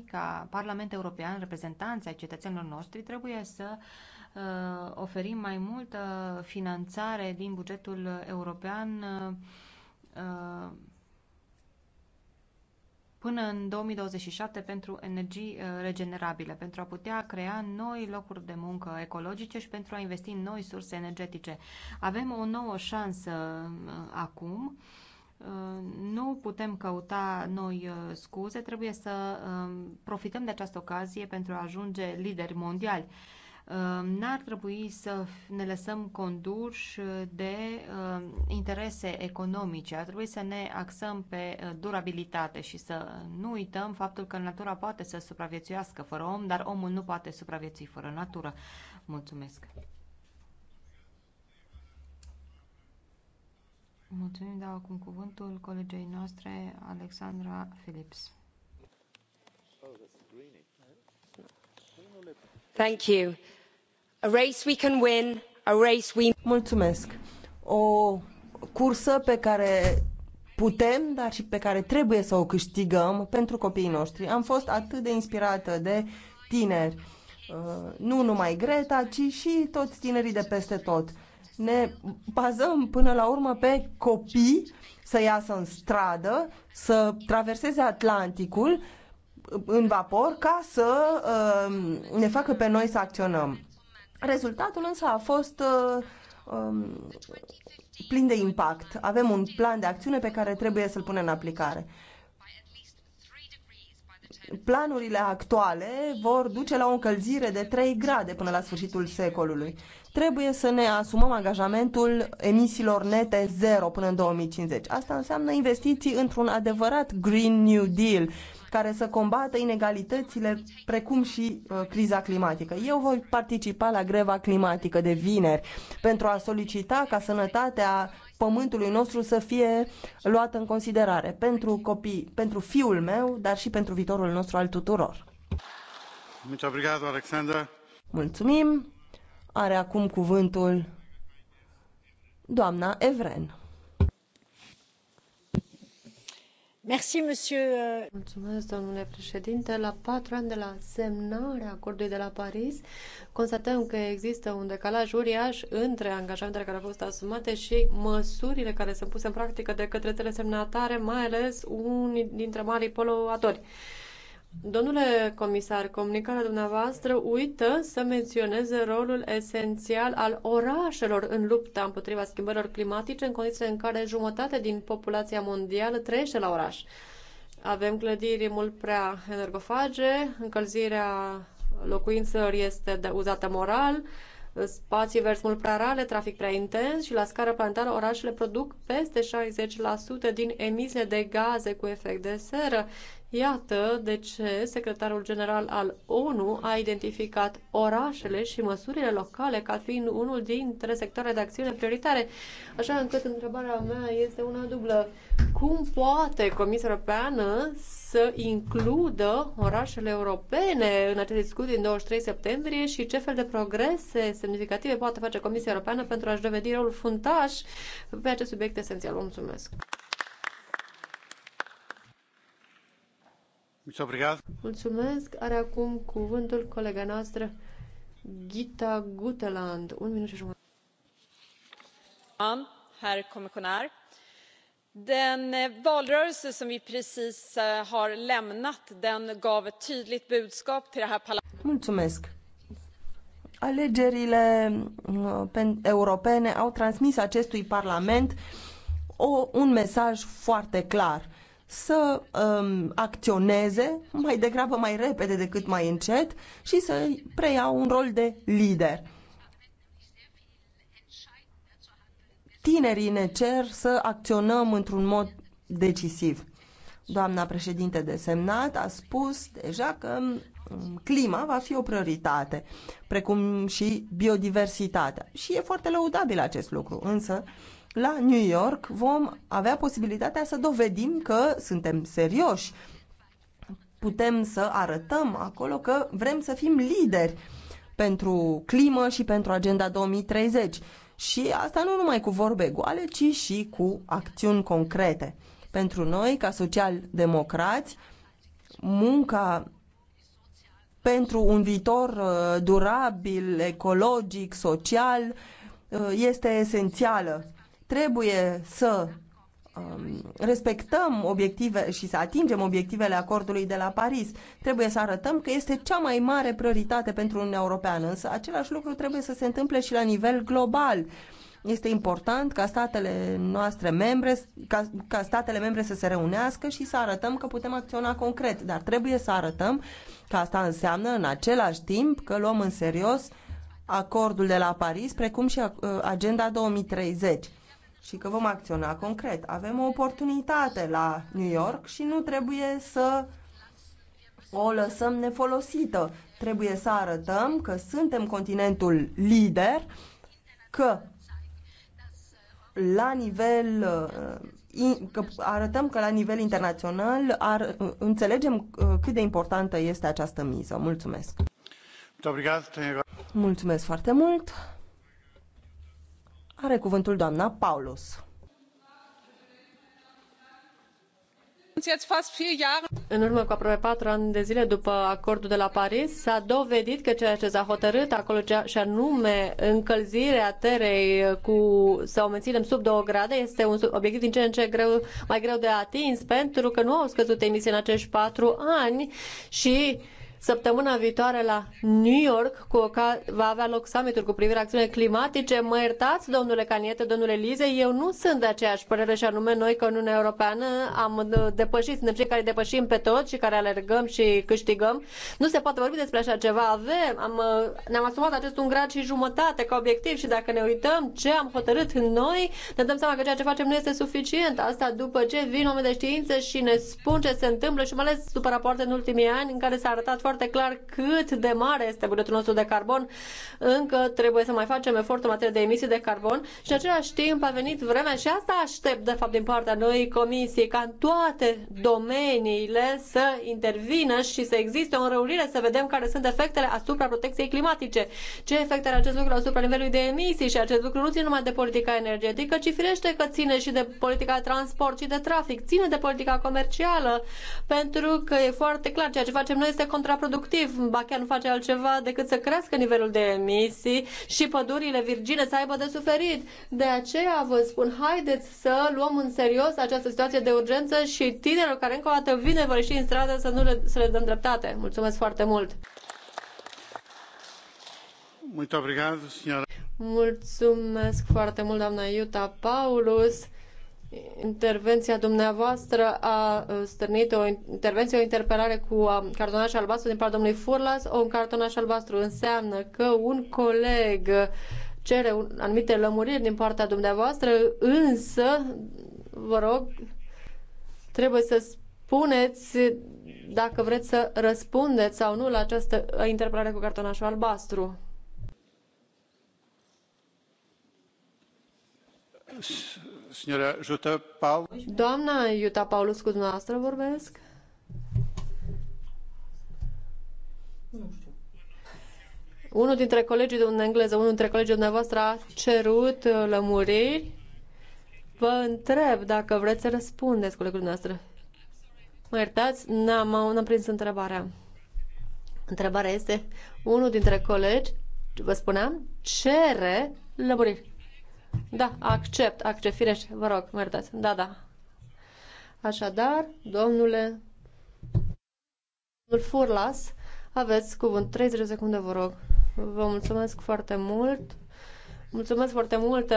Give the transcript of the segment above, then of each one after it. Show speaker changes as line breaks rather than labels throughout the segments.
ca Parlament European, reprezentanți ai cetățenilor noștri, trebuie să uh, oferim mai multă finanțare din bugetul european uh, până în 2027 pentru energii uh, regenerabile, pentru a putea crea noi locuri de muncă ecologice și pentru a investi în noi surse energetice. Avem o nouă șansă uh, acum nu putem căuta noi uh, scuze, trebuie să um, profităm de această ocazie pentru a ajunge lideri mondiali. Um, n-ar trebui să ne lăsăm conduși de um, interese economice, ar trebui să ne axăm pe uh, durabilitate și să nu uităm faptul că natura poate să supraviețuiască fără om, dar omul nu poate supraviețui fără natură. Mulțumesc! Mulțumim, dau acum cuvântul colegei noastre, Alexandra Phillips. Thank you. A race we can
win, a race we... Mulțumesc. O cursă pe care putem, dar și pe care trebuie să o câștigăm pentru copiii noștri. Am fost atât de inspirată de tineri, uh, nu numai Greta, ci și toți tinerii de peste tot ne bazăm până la urmă pe copii să iasă în stradă, să traverseze Atlanticul în vapor ca să uh, ne facă pe noi să acționăm. Rezultatul însă a fost uh, um, plin de impact. Avem un plan de acțiune pe care trebuie să-l punem în aplicare planurile actuale vor duce la o încălzire de 3 grade până la sfârșitul secolului. Trebuie să ne asumăm angajamentul emisiilor nete zero până în 2050. Asta înseamnă investiții într-un adevărat Green New Deal care să combată inegalitățile precum și uh, criza climatică. Eu voi participa la greva climatică de vineri pentru a solicita ca sănătatea pământului nostru să fie luată în considerare pentru copii, pentru fiul meu, dar și pentru viitorul nostru al tuturor. Mulțumim. Are acum cuvântul doamna Evren. Euh. Mulțumesc, domnule președinte. La
patru ani de la semnarea acordului de la Paris, constatăm că există un decalaj uriaș între angajamentele care au fost asumate și măsurile care sunt puse în practică de către țările semnatare, mai ales unii dintre marii poluatori. Domnule comisar, comunicarea dumneavoastră uită să menționeze rolul esențial al orașelor în lupta împotriva schimbărilor climatice, în condițiile în care jumătate din populația mondială trăiește la oraș. Avem clădiri mult prea energofage, încălzirea locuințelor este de uzată moral, spații verzi mult prea rale, trafic prea intens și la scară planetară orașele produc peste 60% din emisiile de gaze cu efect de seră Iată de ce secretarul general al ONU a identificat orașele și măsurile locale ca fiind unul dintre sectoarele de acțiune prioritare, așa încât întrebarea mea este una dublă. Cum poate Comisia Europeană să includă orașele europene în acest discuții din 23 septembrie și ce fel de progrese semnificative poate face Comisia Europeană pentru a-și dovedi rolul fundaș pe acest subiect esențial. Mulțumesc! Mulțumesc. Are acum cuvântul colega noastră, Gita Guteland. Un minut și jumătate. Herr Kommissionär. Den eh, valrörelse som vi precis eh, har lämnat, den gav ett tydligt budskap till det här parlamentet.
Mulțumesc. Alegerile mm, europene au transmis acestui parlament o, un mesaj foarte clar să um, acționeze mai degrabă mai repede decât mai încet și să preia un rol de lider. Tinerii ne cer să acționăm într-un mod decisiv. Doamna președinte de semnat a spus deja că um, clima va fi o prioritate, precum și biodiversitatea. Și e foarte lăudabil acest lucru, însă la New York vom avea posibilitatea să dovedim că suntem serioși. Putem să arătăm acolo că vrem să fim lideri pentru climă și pentru Agenda 2030. Și asta nu numai cu vorbe goale, ci și cu acțiuni concrete. Pentru noi, ca social-democrați, munca pentru un viitor uh, durabil, ecologic, social, uh, este esențială. Trebuie să um, respectăm obiective și să atingem obiectivele acordului de la Paris. Trebuie să arătăm că este cea mai mare prioritate pentru Uniunea Europeană, însă același lucru trebuie să se întâmple și la nivel global. Este important ca statele noastre membre, ca, ca statele membre să se reunească și să arătăm că putem acționa concret, dar trebuie să arătăm că asta înseamnă în același timp că luăm în serios acordul de la Paris, precum și uh, agenda 2030 și că vom acționa concret. Avem o oportunitate la New York și nu trebuie să o lăsăm nefolosită. Trebuie să arătăm că suntem continentul lider, că la nivel uh, că arătăm că la nivel internațional ar, uh, înțelegem uh, cât de importantă este această miză. Mulțumesc. Mulțumesc foarte mult. Are cuvântul doamna Paulus.
În urmă cu aproape patru ani de zile după acordul de la Paris, s-a dovedit că ceea ce s-a hotărât acolo, și anume încălzirea terei cu, sau menținem sub 2 grade, este un obiectiv din ce în ce greu, mai greu de atins, pentru că nu au scăzut emisiile în acești patru ani și uh, Săptămâna viitoare la New York cu oca- va avea loc summitul cu privire acțiunile climatice. Mă iertați, domnule Caniete, domnule Lize, eu nu sunt de aceeași părere și anume noi că Uniunea Europeană am depășit, suntem cei care depășim pe toți și care alergăm și câștigăm. Nu se poate vorbi despre așa ceva. Avem, am, ne-am asumat acest un grad și jumătate ca obiectiv și dacă ne uităm ce am hotărât noi, ne dăm seama că ceea ce facem nu este suficient. Asta după ce vin oameni de știință și ne spun ce se întâmplă și mai ales după rapoarte în ultimii ani în care s-a arătat foarte foarte clar cât de mare este bugetul nostru de carbon. Încă trebuie să mai facem efort în materie de emisii de carbon și în același timp a venit vremea și asta aștept de fapt din partea noi comisiei ca în toate domeniile să intervină și să existe o înrăurire, să vedem care sunt efectele asupra protecției climatice. Ce efecte are acest lucru asupra nivelului de emisii și acest lucru nu ține numai de politica energetică, ci firește că ține și de politica de transport și de trafic, ține de politica comercială, pentru că e foarte clar, ceea ce facem noi este contraproductiv productiv, ba chiar nu face altceva decât să crească nivelul de emisii și pădurile virgine să aibă de suferit. De aceea vă spun, haideți să luăm în serios această situație de urgență și tinerilor care încă o dată vor nevărăși în stradă să nu le, să le dăm dreptate. Mulțumesc foarte mult! Mulțumesc foarte mult, doamna Iuta Paulus. Intervenția dumneavoastră a uh, stârnit o intervenție, o interpelare cu um, cartonaș albastru din partea domnului Furlas. Un cartonaș albastru înseamnă că un coleg cere anumite lămuriri din partea dumneavoastră, însă, vă rog, trebuie să spuneți dacă vreți să răspundeți sau nu la această uh, interpelare cu cartonașul albastru.
S Signora
Iuta Paulus, cu dumneavoastră vorbesc? Unul dintre colegii de engleză, unul dintre colegii dumneavoastră a cerut lămuriri. Vă întreb dacă vreți să răspundeți, colegul dumneavoastră. Mă iertați? N-am, n-am prins întrebarea. Întrebarea este, unul dintre colegi, vă spuneam, cere lămuriri. Da, accept, accept, firește, vă rog, mă iertați. Da, da. Așadar, domnule domnul Furlas, aveți cuvânt 30 de secunde, vă rog. Vă mulțumesc foarte mult. Mulțumesc foarte mult.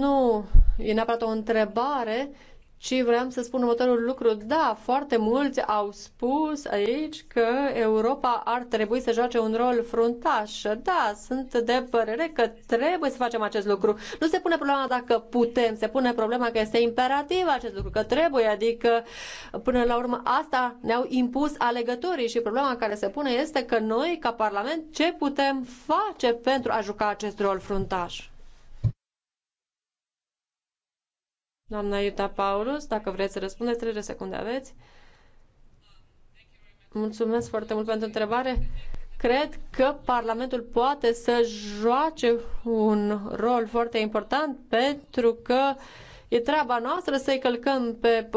Nu, e neapărat o întrebare, și vreau să spun următorul lucru. Da, foarte mulți au spus aici că Europa ar trebui să joace un rol fruntaș. Da, sunt de părere că trebuie să facem acest lucru. Nu se pune problema dacă putem, se pune problema că este imperativ acest lucru, că trebuie, adică până la urmă asta ne-au impus alegătorii și problema care se pune este că noi, ca Parlament, ce putem face pentru a juca acest rol fruntaș? Doamna Iuta Paulus, dacă vreți să răspundeți, 30 secunde aveți. Mulțumesc foarte mult pentru întrebare. Cred că Parlamentul poate să joace un rol foarte important pentru că uh, E treaba noastră să-i călcăm pe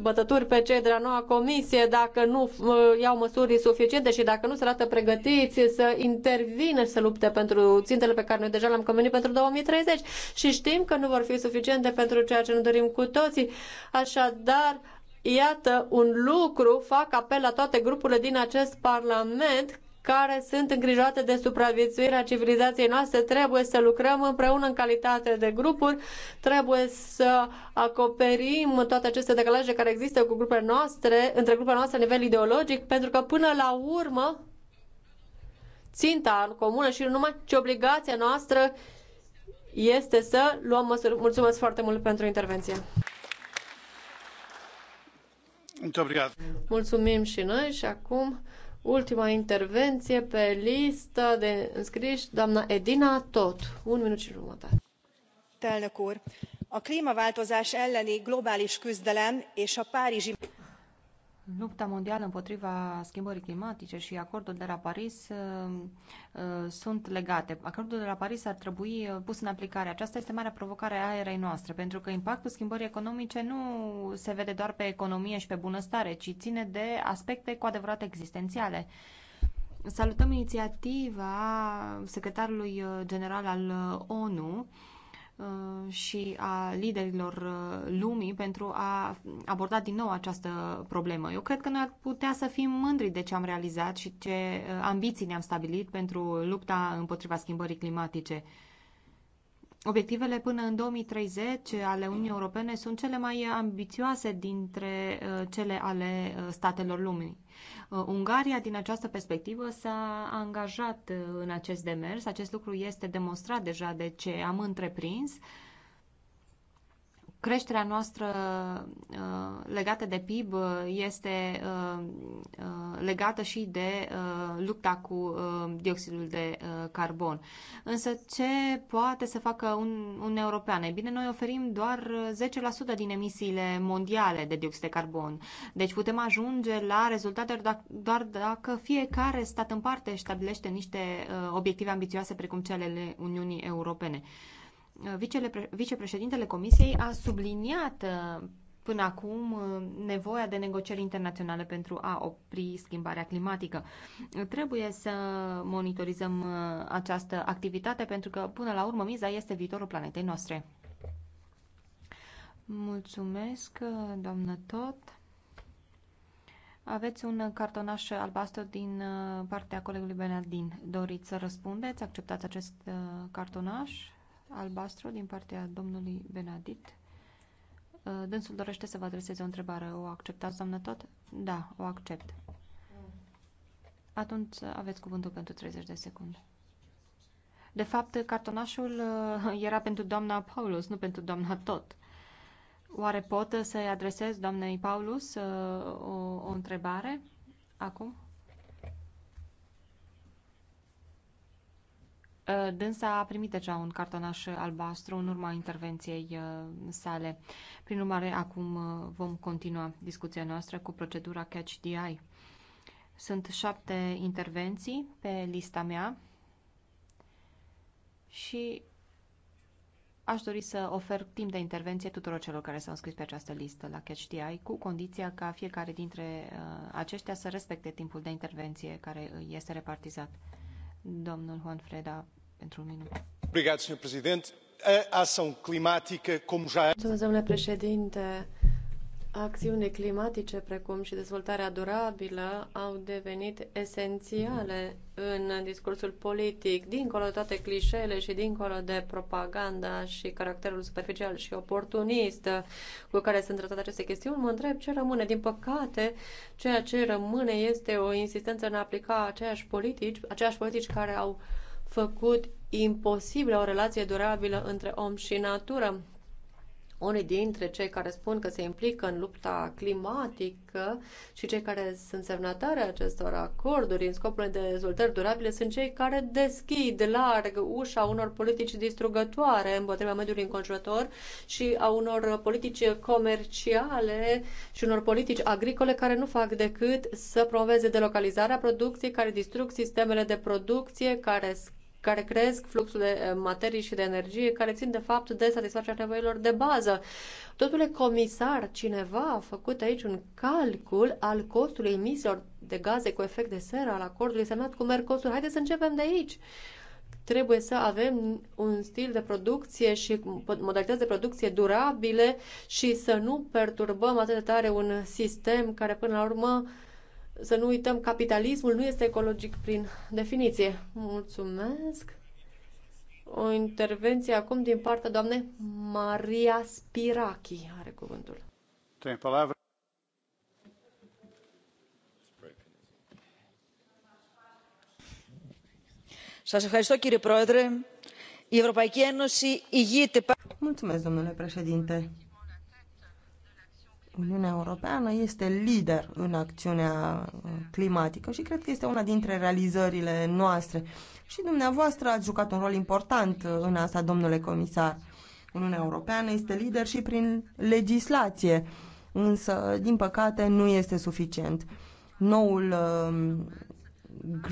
bătături pe cei de la noua comisie dacă nu uh, iau măsuri suficiente și dacă nu se arată pregătiți să intervină și să lupte pentru țintele pe care noi deja le-am convenit pentru 2030 și știm că nu vor fi suficiente pentru ceea ce ne dorim cu toții. Așadar, iată un lucru, fac apel la toate grupurile din acest Parlament care sunt îngrijorate de supraviețuirea civilizației noastre, trebuie să lucrăm împreună în calitate de grupuri, trebuie să acoperim toate aceste decalaje care există cu grupele noastre, între grupele noastre la nivel ideologic, pentru că până la urmă ținta comună și numai ce obligația noastră este să luăm măsuri. Mulțumesc foarte mult pentru intervenție. Mulțumim și noi și acum Ultima intervenție pe listă de înscriși, doamna Edina
Tot. Un minut și jumătate. Elnök úr, a klímaváltozás elleni globális küzdelem és a párizsi... Lupta mondială împotriva schimbării climatice și acordul de la Paris uh, uh, sunt legate. Acordul de la Paris ar trebui uh, pus în aplicare. Aceasta este marea provocare a erei noastre, pentru că impactul schimbării economice nu se vede doar pe economie și pe bunăstare, ci ține de aspecte cu adevărat existențiale. Salutăm inițiativa secretarului uh, general al uh, ONU uh, Uh, și a liderilor uh, lumii pentru a aborda din nou această problemă. Eu cred că noi ar putea să fim mândri de ce am realizat și ce uh, ambiții ne-am stabilit pentru lupta împotriva schimbării climatice. Obiectivele până în 2030 ale Uniunii Europene sunt cele mai ambițioase dintre uh, cele ale uh, statelor lumii. Uh, Ungaria, din această perspectivă, s-a angajat în acest demers. Acest lucru este demonstrat deja de ce am întreprins creșterea noastră uh, legată de PIB uh, este uh, legată și de lupta cu dioxidul de carbon. Însă ce poate să facă un, un european? Ei bine, noi oferim doar 10% din emisiile mondiale de dioxid de carbon. Deci putem ajunge la rezultate doar dacă fiecare stat în parte stabilește niște obiective ambițioase precum cele ale Uniunii Europene. Uh, vicepreședintele Comisiei a subliniat uh, până acum uh, nevoia de negocieri internaționale pentru a opri schimbarea climatică. Trebuie să monitorizăm uh, această activitate pentru că, până la urmă, miza este viitorul planetei noastre. Mulțumesc, doamnă Tot. Aveți un cartonaș albastru din partea colegului Benaldin. Doriți să răspundeți? Acceptați acest cartonaș? albastru din partea domnului Benadit. Uh, dânsul dorește să vă adreseze o întrebare. O acceptați, doamnă tot? Da, o accept. Atunci aveți cuvântul pentru 30 de secunde. De fapt, cartonașul uh, era pentru doamna Paulus, nu pentru doamna tot. Oare pot să-i adresez doamnei Paulus uh, o, o întrebare acum? Uh, dânsa a primit deja un cartonaș albastru în urma intervenției uh, sale. Prin urmare, acum uh, vom continua discuția noastră cu procedura Catch the Eye. Sunt șapte intervenții pe lista mea și aș dori să ofer timp de intervenție tuturor celor care s-au înscris pe această listă la CatchDI, cu condiția ca fiecare dintre aceștia să respecte timpul de intervenție care este repartizat. Domnul Juan Freda Mulțumesc, domnule președinte.
Acțiune climatice, precum și dezvoltarea durabilă, au devenit esențiale în discursul politic, dincolo de toate clișeele și dincolo de propaganda și caracterul superficial și oportunist cu care sunt tratate aceste chestiuni, mă întreb ce rămâne. Din păcate, ceea ce rămâne este o insistență în a aplica aceeași politici, aceeași politici care au făcut imposibilă o relație durabilă între om și natură. Unii dintre cei care spun că se implică în lupta climatică și cei care sunt semnatari acestor acorduri în scopul de dezvoltări durabile sunt cei care deschid larg ușa unor politici distrugătoare împotriva mediului înconjurător și a unor politici comerciale și unor politici agricole care nu fac decât să promoveze delocalizarea producției, care distrug sistemele de producție, care care cresc fluxul de eh, materii și de energie, care țin de fapt de satisfacerea nevoilor de bază. Totul e comisar, cineva a făcut aici un calcul al costului emisiilor de gaze cu efect de seră al acordului semnat cu Mercosur. Haideți să începem de aici trebuie să avem un stil de producție și modalități de producție durabile și să nu perturbăm atât de tare un sistem care până la urmă să nu uităm, capitalismul nu este ecologic prin definiție. Mulțumesc! O intervenție acum din partea doamnei Maria Spirachi are cuvântul.
Mulțumesc, domnule președinte Uniunea Europeană este lider în acțiunea uh, climatică și cred că este una dintre realizările noastre. Și dumneavoastră ați jucat un rol important uh, în asta, domnule comisar. Uniunea Europeană este lider și prin legislație, însă, din păcate, nu este suficient. Noul uh,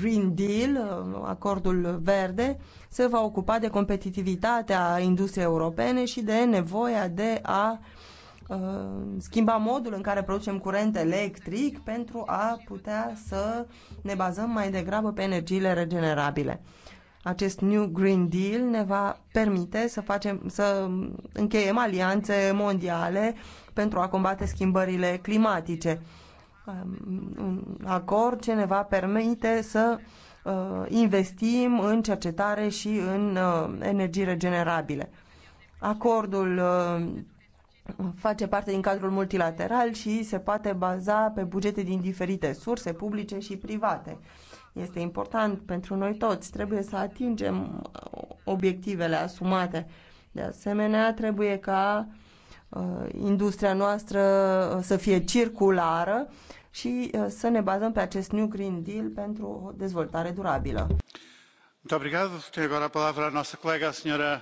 Green Deal, acordul verde, se va ocupa de competitivitatea industriei europene și de nevoia de a uh, Uh, schimba modul în care producem curent electric pentru a putea să ne bazăm mai degrabă pe energiile regenerabile. Acest New Green Deal ne va permite să, facem, să încheiem alianțe mondiale pentru a combate schimbările climatice. Um, un acord ce ne va permite să uh, investim în cercetare și în uh, energii regenerabile. Acordul face parte din cadrul multilateral și se poate baza pe bugete din diferite surse publice și private. Este important pentru noi toți. Trebuie să atingem uh, obiectivele asumate. De asemenea, trebuie ca uh, industria noastră uh, să fie circulară și uh, să ne bazăm pe acest New Green Deal pentru o dezvoltare durabilă.
Mulțumesc. Tem agora a palavra a nossa colega, a senhora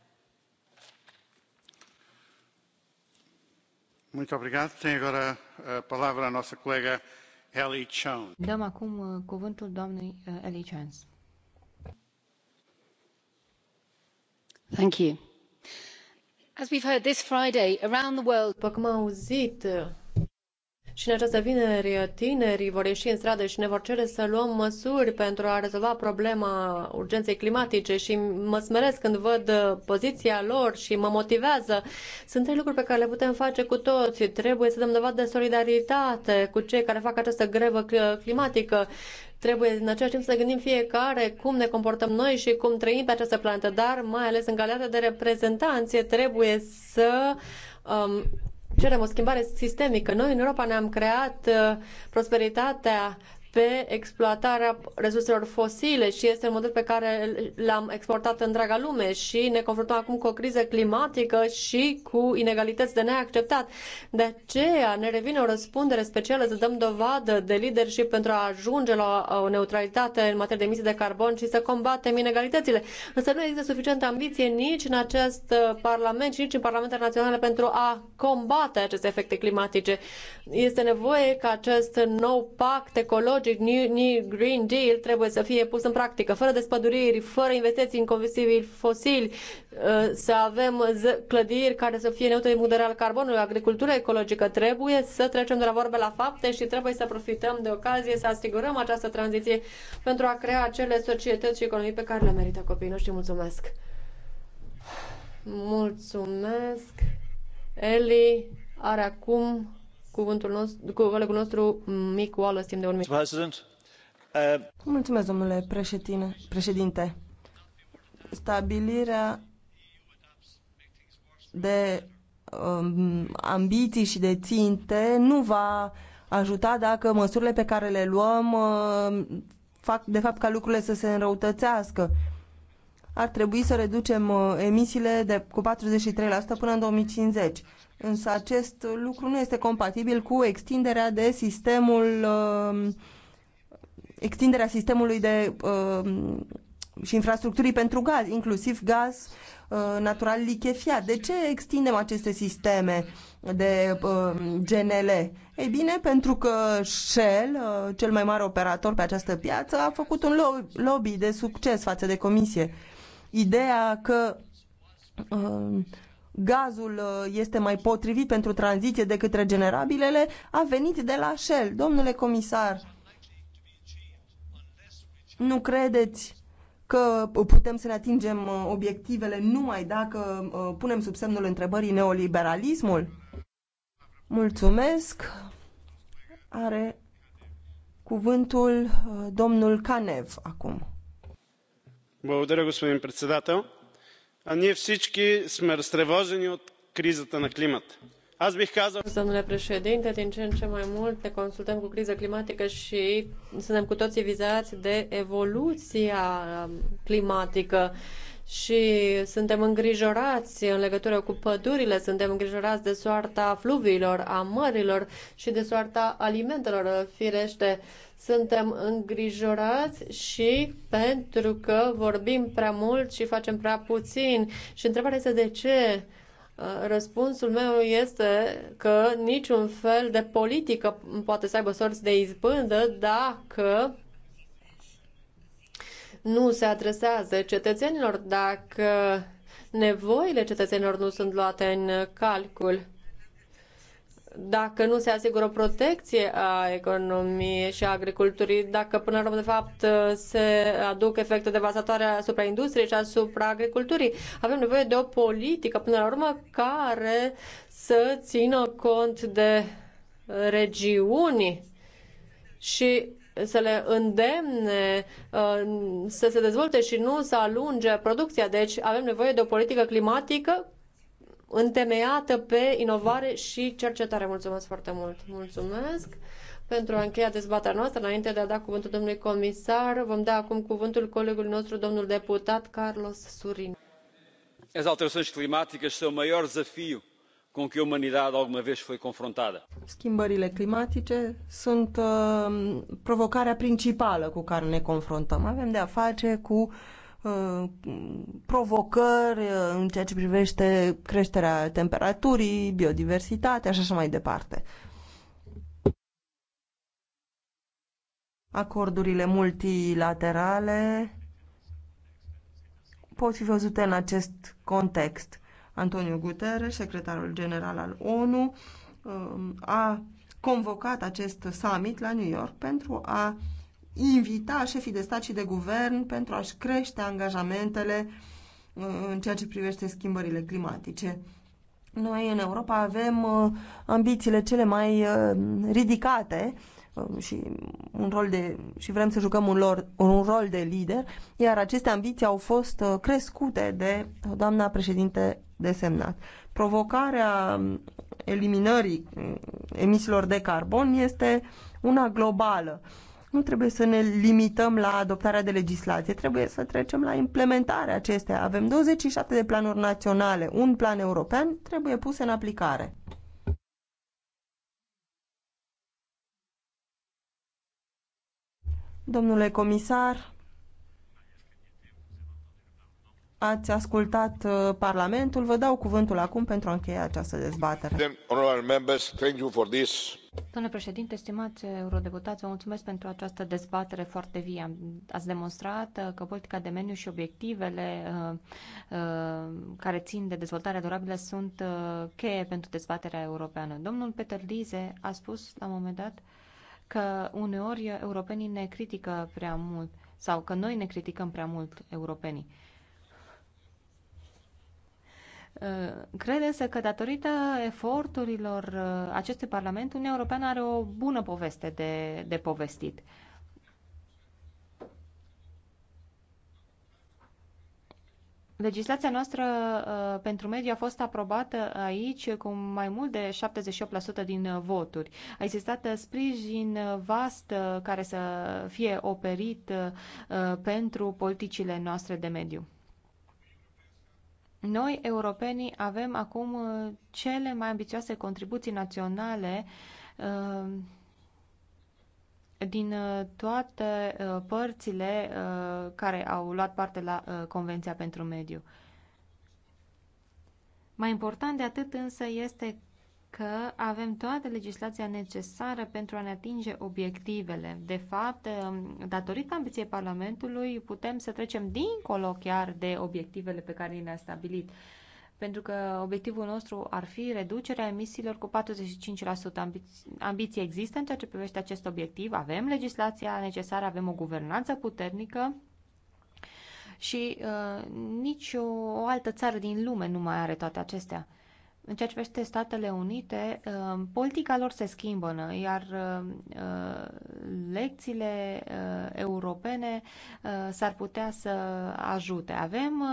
Dăm acum uh, cuvântul doamnei uh, Ellie Jones. Thank you.
As we've heard this Friday, around the world. După cum am auzit, uh, și în această vineri, tinerii vor ieși în stradă și ne vor cere să luăm măsuri pentru a rezolva problema urgenței climatice și mă smeresc când văd uh, poziția lor și mă motivează. Sunt trei lucruri pe care le putem face cu toți. Trebuie să dăm dovadă de solidaritate cu cei care fac această grevă uh, climatică trebuie în același timp să gândim fiecare cum ne comportăm noi și cum trăim pe această planetă, dar mai ales în calitate de reprezentanție trebuie să um, Cerem o schimbare sistemică. Noi în Europa ne-am creat uh, prosperitatea pe exploatarea resurselor fosile și este un model pe care l-am exportat în întreaga lume și ne confruntăm acum cu o criză climatică și cu inegalități de neacceptat. De aceea ne revine o răspundere specială să dăm dovadă de leadership pentru a ajunge la o neutralitate în materie de emisii de carbon și să combatem inegalitățile. Însă nu există suficientă ambiție nici în acest uh, Parlament și nici în Parlamentele Naționale pentru a combate aceste efecte climatice. Este nevoie ca acest nou pact ecologic ecologic, New, New Green Deal trebuie să fie pus în practică, fără despăduriri, fără investiții în combustibili fosili, uh, să avem clădiri care să fie neutre din punct de vedere al carbonului, agricultura ecologică. Trebuie să trecem de la vorbe la fapte și trebuie să profităm de ocazie să asigurăm această tranziție pentru a crea acele societăți și economii pe care le merită copiii noștri. Mulțumesc! Mulțumesc! Eli are acum nostru,
cu nostru, de
uh,
Mulțumesc, domnule președinte. Stabilirea de um, ambiții și de ținte nu va ajuta dacă măsurile pe care le luăm uh, fac de fapt ca lucrurile să se înrăutățească ar trebui să reducem uh, emisiile de, cu 43% până în 2050. Însă acest lucru nu este compatibil cu extinderea de sistemul uh, extinderea sistemului de uh, și infrastructurii pentru gaz, inclusiv gaz natural lichefiat. De ce extindem aceste sisteme de GNL? Ei bine, pentru că Shell, cel mai mare operator pe această piață, a făcut un lobby de succes față de comisie Ideea că um, gazul uh, este mai potrivit pentru tranziție decât regenerabilele a venit de la Shell. Domnule comisar, nu credeți că putem să ne atingem uh, obiectivele numai dacă uh, punem sub semnul întrebării neoliberalismul? Mulțumesc. Are cuvântul domnul Canev acum
господин председател ние всички сме разтревожени от кризата на климата. Аз бих казал...
domnule președinte din ce în ce mai mult ne confruntăm cu criza climatică și suntem cu toții vizați de evoluția climatică și suntem îngrijorați în legătură cu pădurile, suntem îngrijorați de soarta fluviilor, a mărilor și de soarta alimentelor, firește. Suntem îngrijorați și pentru că vorbim prea mult și facem prea puțin. Și întrebarea este de ce? Uh, răspunsul meu este că niciun fel de politică poate să aibă sorți de izbândă dacă nu se adresează cetățenilor dacă nevoile cetățenilor nu sunt luate în calcul dacă nu se asigură protecție a economiei și a agriculturii, dacă până la urmă, de fapt, se aduc efecte devastatoare asupra industriei și asupra agriculturii. Avem nevoie de o politică, până la urmă, care să țină cont de regiuni și să le îndemne uh, să se dezvolte și nu să alunge producția. Deci avem nevoie de o politică climatică întemeiată pe inovare și cercetare. Mulțumesc foarte mult! Mulțumesc! Pentru a încheia dezbaterea noastră, înainte de a da cuvântul domnului comisar, vom da acum cuvântul colegului nostru, domnul deputat Carlos Surin.
As alterações climáticas
são o maior desafio com que a humanidade alguma vez foi confrontada.
Schimbările climatice sunt uh, provocarea principală cu care ne confruntăm. Avem de a face cu uh, provocări uh, în ceea ce privește creșterea temperaturii, biodiversitatea și așa mai departe. Acordurile multilaterale pot fi văzute în acest context Antonio Guterres, secretarul general al ONU, um, a convocat acest summit la New York pentru a invita șefii de stat și de guvern pentru a-și crește angajamentele uh, în ceea ce privește schimbările climatice. Noi în Europa avem uh, ambițiile cele mai uh, ridicate Um, și un rol de și vrem să jucăm un, lor, un rol de lider, iar aceste ambiții au fost uh, crescute de uh, doamna președinte de semnat Provocarea um, eliminării um, emisiilor de carbon este una globală. Nu trebuie să ne limităm la adoptarea de legislație, trebuie să trecem la implementarea acestea. Avem 27 de planuri naționale, un plan european trebuie pus în aplicare. Domnule comisar, ați ascultat uh, Parlamentul. Vă dau
cuvântul acum pentru a încheia această dezbatere. Domnule președinte, stimați uh, eurodeputați, vă mulțumesc pentru această dezbatere foarte vie. Ați demonstrat uh, că politica de meniu și obiectivele care țin de dezvoltarea durabilă sunt cheie pentru dezbaterea europeană. Domnul Peter Lize a spus la un moment dat că uneori europenii ne critică prea mult sau că noi ne criticăm prea mult europenii. Uh, Cred însă că datorită eforturilor uh, acestui Parlament, Uniunea Europeană are o bună poveste de, de povestit. Legislația noastră uh, pentru mediu a fost aprobată aici cu mai mult de 78% din uh, voturi. A existat uh, sprijin uh, vast care să fie operit uh, pentru politicile noastre de mediu. Noi, europenii, avem acum cele mai ambițioase contribuții naționale uh, din uh, toate uh, părțile uh, care au luat parte la Convenția pentru Mediu. Mai important de atât însă este că avem toată legislația necesară pentru a ne atinge obiectivele. De fapt, um, datorită ambiției Parlamentului, putem să trecem dincolo chiar de obiectivele pe care le-a stabilit pentru că obiectivul nostru ar fi reducerea emisiilor cu 45%. Ambiții, ambiție există în ceea ce privește acest obiectiv, avem legislația necesară, avem o guvernanță puternică și uh, nici o altă țară din lume nu mai are toate acestea. În ceea ce privește Statele Unite, uh, politica lor se schimbă, iar uh, uh, lecțiile europene s-ar putea să ajute. Avem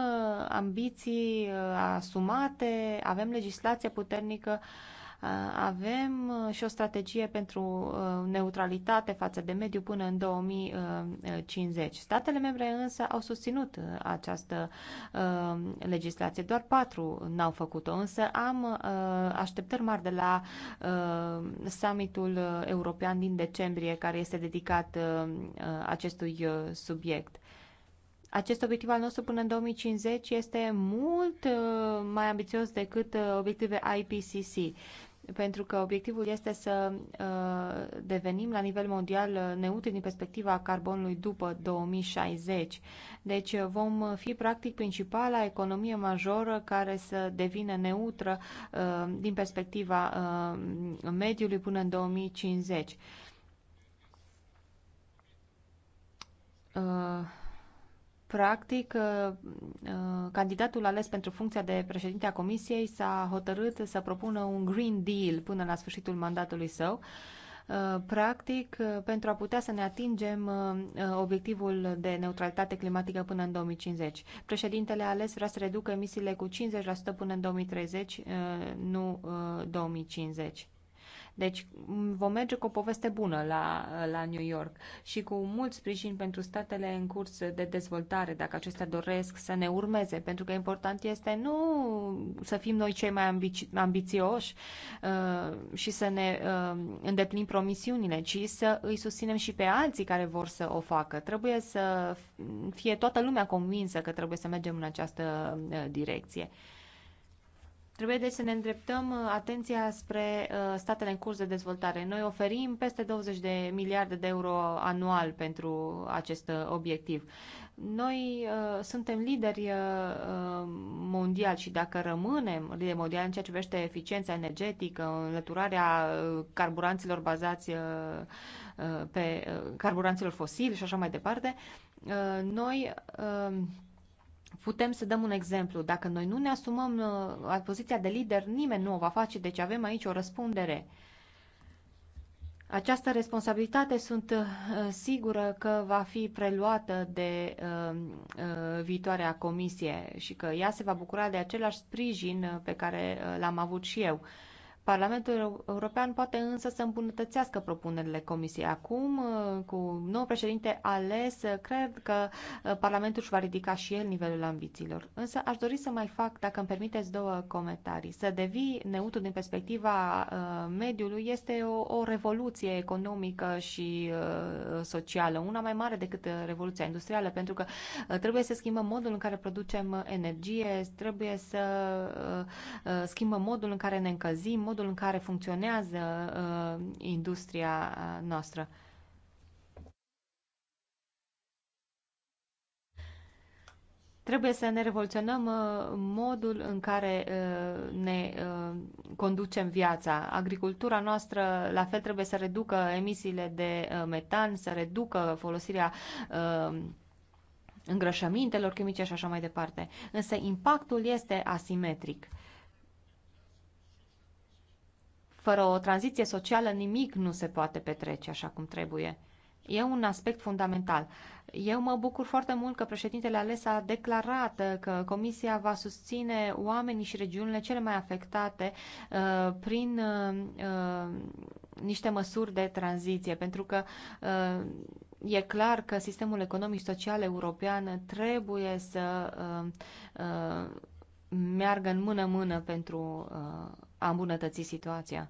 ambiții asumate, avem legislație puternică, Uh, avem uh, și o strategie pentru uh, neutralitate față de mediu până în 2050. Statele membre însă au susținut această legislație. Doar patru n-au făcut-o, însă am așteptări mari de la summitul european din decembrie care este dedicat acestui subiect. Acest obiectiv al nostru până în 2050 este mult mai ambițios decât obiective IPCC pentru că obiectivul este să uh, devenim la nivel mondial uh, neutri din perspectiva carbonului după 2060. Deci uh, vom fi practic principala economie majoră care să devină neutră din perspectiva mediului până în 2050. Practic, uh, uh, candidatul ales pentru funcția de președinte a Comisiei s-a hotărât să propună un Green Deal până la sfârșitul mandatului său, uh, practic pentru a putea să ne atingem obiectivul de neutralitate climatică până în 2050. Președintele ales vrea să reducă emisiile cu 50% până în 2030, nu 2050. Deci vom merge cu o poveste bună la, la New York și cu mult sprijin pentru statele în curs de dezvoltare, dacă acestea doresc să ne urmeze, pentru că important este nu să fim noi cei mai ambici, ambițioși uh, și să ne uh, îndeplinim promisiunile, ci să îi susținem și pe alții care vor să o facă. Trebuie să fie toată lumea convinsă că trebuie să mergem în această uh, direcție. Trebuie deci să ne îndreptăm uh, atenția spre uh, statele în curs de dezvoltare. Noi oferim peste 20 de miliarde de euro anual pentru acest uh, obiectiv. Noi uh, suntem lideri uh, mondiali și dacă rămânem lideri mondiali în ceea ce privește eficiența energetică, înlăturarea carburanților bazați uh, pe uh, carburanților fosili și așa mai departe, uh, noi uh, Putem să dăm un exemplu. Dacă noi nu ne asumăm uh, poziția de lider, nimeni nu o va face, deci avem aici o răspundere. Această responsabilitate sunt uh, sigură că va fi preluată de uh, uh, viitoarea comisie și că ea se va bucura de același sprijin uh, pe care l-am avut și eu. Uh, Parlamentul European poate însă să îmbunătățească propunerile Comisiei. Acum, uh, cu nou președinte ales, uh, cred că uh, Parlamentul își va ridica și el nivelul ambițiilor. Însă aș dori să mai fac, dacă îmi permiteți, două comentarii. Să devii neutru din perspectiva mediului este o, o revoluție economică și socială, una mai mare decât revoluția industrială, pentru că trebuie să schimbăm modul în care producem energie, trebuie să schimbăm modul în care ne încălzim, modul modul în care funcționează uh, industria uh, noastră. Trebuie să ne revoluționăm uh, modul în care uh, ne conducem viața. Agricultura noastră, la fel, trebuie să reducă emisiile de metan, să reducă folosirea îngrășămintelor chimice și așa mai departe. Însă impactul este asimetric. Fără o tranziție socială nimic nu se poate petrece așa cum trebuie. E un aspect fundamental. Eu mă bucur foarte mult că președintele ales a declarat că Comisia va susține oamenii și regiunile cele mai afectate uh, prin uh, niște măsuri de tranziție, pentru că uh, e clar că sistemul economic-social european trebuie să uh, uh, meargă în mână-mână pentru uh, a îmbunătăți situația.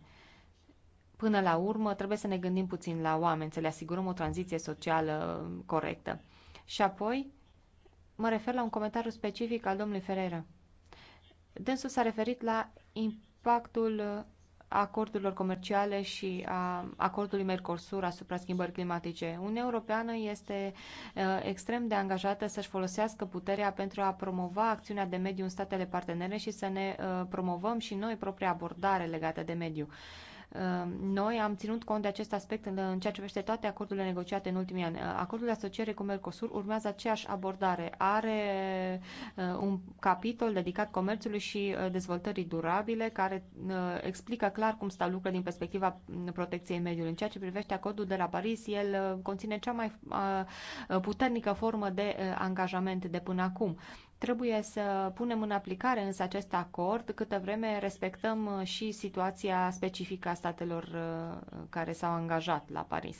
Până la urmă, trebuie să ne gândim puțin la oameni, să le asigurăm o tranziție socială corectă. Și apoi, mă refer la un comentariu specific al domnului Ferreira. Dânsul s-a referit la impactul acordurilor comerciale și a acordului Mercosur asupra schimbării climatice. Uniunea Europeană este uh, extrem de angajată să-și folosească puterea pentru a promova acțiunea de mediu în statele partenere și să ne uh, promovăm și noi propria abordare legată de mediu. Ehm, noi am ținut cont de acest aspect în ceea ce privește toate acordurile negociate în ultimii ani. Acordul de asociere cu Mercosur urmează aceeași abordare. Are eh, un capitol dedicat comerțului și eh, dezvoltării durabile, care eh, explică clar cum stau lucrurile din perspectiva mm, protecției mediului. În ceea ce privește acordul de la Paris, el conține cea mai puternică formă de angajament de până acum. Trebuie să punem în aplicare însă acest acord câtă vreme respectăm uh, și situația specifică a statelor uh, care s-au angajat la Paris.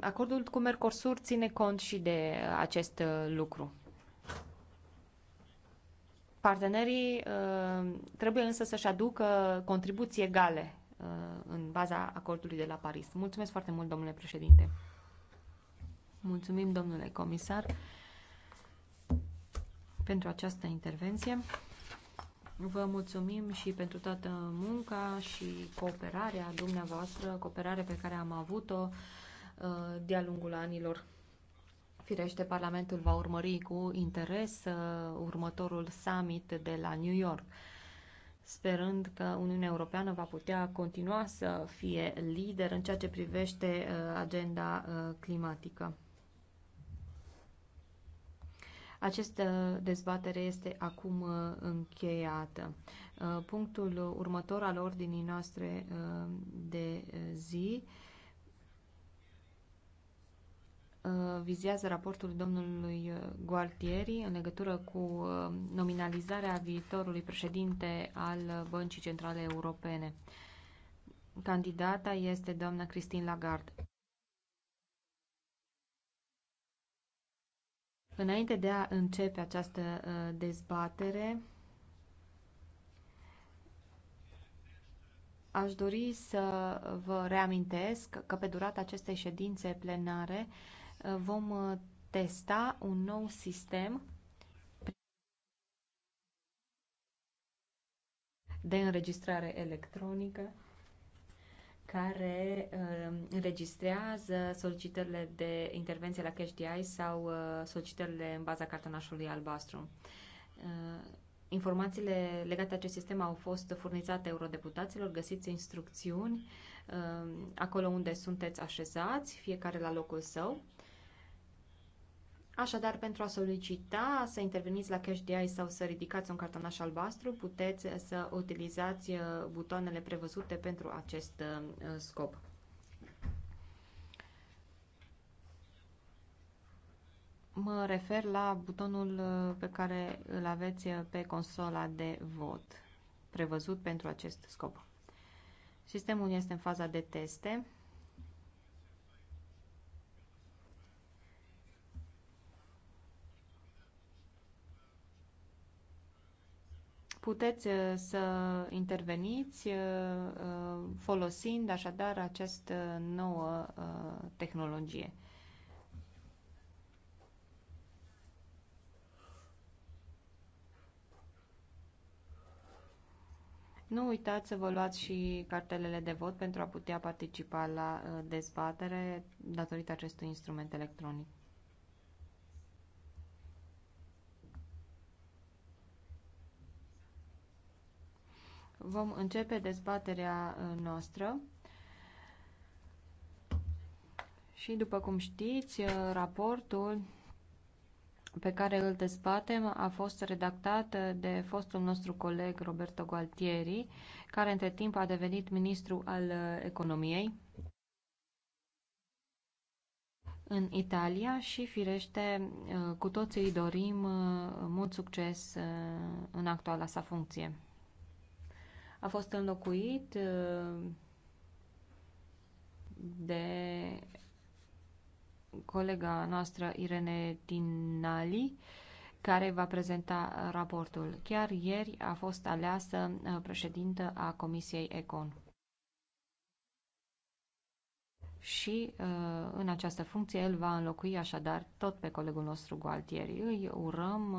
Acordul cu Mercosur ține cont și de acest uh, lucru. Partenerii trebuie însă să-și aducă contribuții egale în baza acordului de la Paris. Mulțumesc foarte mult, domnule președinte. Mulțumim, domnule comisar pentru această intervenție. Vă mulțumim și pentru toată munca și cooperarea dumneavoastră, cooperare pe care am avut-o uh, de-a lungul anilor. Firește, Parlamentul va urmări cu interes uh, următorul summit de la New York, sperând că Uniunea Europeană va putea continua să fie lider în ceea ce privește uh, agenda climatică. Această dezbatere este acum uh, încheiată. Uh, punctul următor al ordinii noastre uh, de zi vizează raportul domnului Gualtieri în legătură cu nominalizarea viitorului președinte al Băncii Centrale Europene. Candidata este doamna Christine Lagarde. Înainte de a începe această uh, dezbatere, aș dori să vă reamintesc că pe durata acestei ședințe plenare uh, vom uh, testa un nou sistem de înregistrare electronică care uh, înregistrează solicitările de intervenție la CashDI sau uh, solicitările în baza cartonașului albastru. Uh, informațiile legate de acest sistem au fost furnizate eurodeputaților, găsiți instrucțiuni acolo unde sunteți așezați, fiecare la locul său. Așadar, pentru a solicita să interveniți la Cash DI sau să ridicați un cartonaș albastru, puteți să utilizați uh, butoanele prevăzute pentru acest uh, scop. Mă refer la butonul uh, pe care îl aveți pe consola de vot, prevăzut pentru acest scop. Sistemul este în faza de teste. Puteți uh, să interveniți uh, uh, folosind așadar această nouă tehnologie. Nu uitați să vă luați și cartelele de vot pentru a putea participa la dezbatere datorită acestui instrument electronic. Vom începe dezbaterea uh, noastră. Și, după cum știți, uh, raportul pe care îl dezbatem a fost redactat uh, de fostul nostru coleg Roberto Gualtieri, care între timp a devenit ministru al economiei în Italia și, firește, cu toții dorim mult succes în actuala sa funcție a fost înlocuit uh, de colega noastră Irene Tinali, care va prezenta raportul. Chiar ieri a fost aleasă uh, președintă a Comisiei Econ și uh, în această funcție el va înlocui așadar tot pe colegul nostru Gualtieri. Îi urăm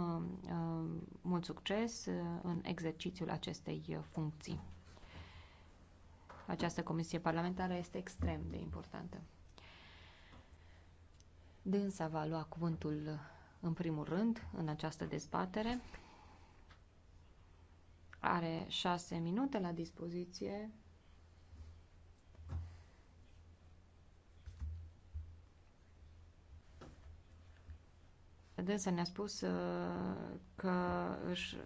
uh, uh, mult succes în exercițiul acestei funcții. Această comisie parlamentară este extrem de importantă. Dânsa va lua cuvântul în primul rând în această dezbatere. Are șase minute la dispoziție Dânsa ne-a spus uh, că își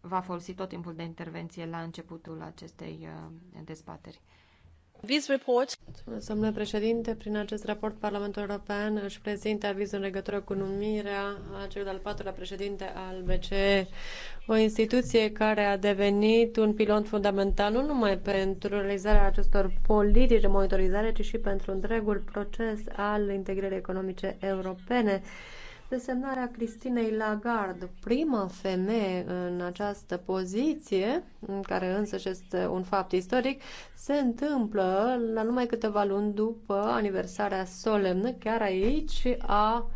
va folosi tot timpul de intervenție la începutul acestei uh, dezbateri.
report, domnule președinte, prin acest raport Parlamentul European își prezintă avizul în legătură cu numirea a celui de-al patrulea președinte al BCE, o instituție care a devenit un pilon fundamental nu numai pentru realizarea acestor politici de monitorizare, ci și pentru întregul proces al integrării economice europene desemnarea Cristinei Lagarde, prima femeie în această poziție, care însă este un fapt istoric, se întâmplă la numai câteva luni după aniversarea solemnă, chiar aici, a